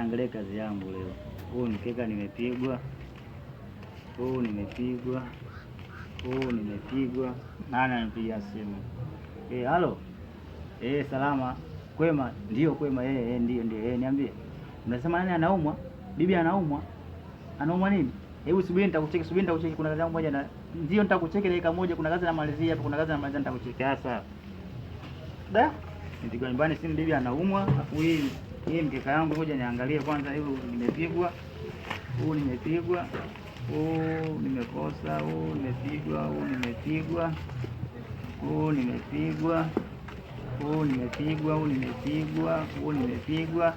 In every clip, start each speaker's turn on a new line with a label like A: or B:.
A: niangalie kazi yangu leo. Huu mkeka nimepigwa, huu nimepigwa, huu nimepigwa. Nani ananipigia simu? Eh, halo. Eh, salama. Kwema? Ndio Kwema. Eh, eh, ndio ndio. Eh, niambie. Unasema nani anaumwa? Bibi anaumwa. Anaumwa nini? Hebu subiri nitakucheki, subiri nitakucheki. Kuna kazi yangu moja na ndio nitakucheki dakika moja. Kuna kazi namalizia hapa, kuna kazi namalizia, nitakucheki. Sasa da, ndio nyumbani, simu bibi anaumwa, afu hii hii mkeka yangu, ngoja niangalie kwanza, hiyo nimepigwa, huu nimepigwa, huu nimekosa, huu nimepigwa, huu nimepigwa, huu nimepigwa, huu nimepigwa, huu nimepigwa, huu nimepigwa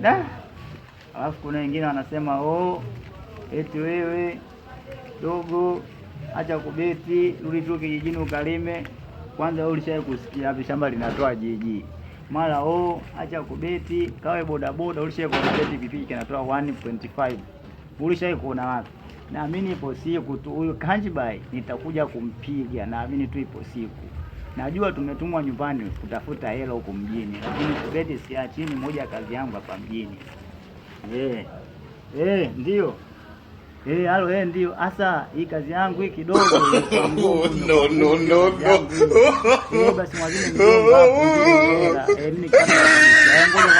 A: da. Alafu kuna wengine wanasema oh, eti wewe dogo, acha kubeti, rudi tu kijijini ukalime kwanza. Wewe ulishai kusikia hapo shamba linatoa jiji? mara o acha kubeti, kawe bodaboda. Ulishai kuona beti vipi kinatoa 1.5? Ulishai kuona wapi? Naamini ipo siku tu huyu Kanjibai nitakuja kumpiga, naamini tu ipo siku. Najua tumetumwa nyumbani kutafuta hela huko mjini, lakini kubeti siachini, chini, moja ya kazi yangu hapa mjini. Eh, eh, ndio. Eh, alo yeye eh, ndio hasa hii kazi yangu hii kidogo.
B: No no no no.
A: Basi mwalimu ni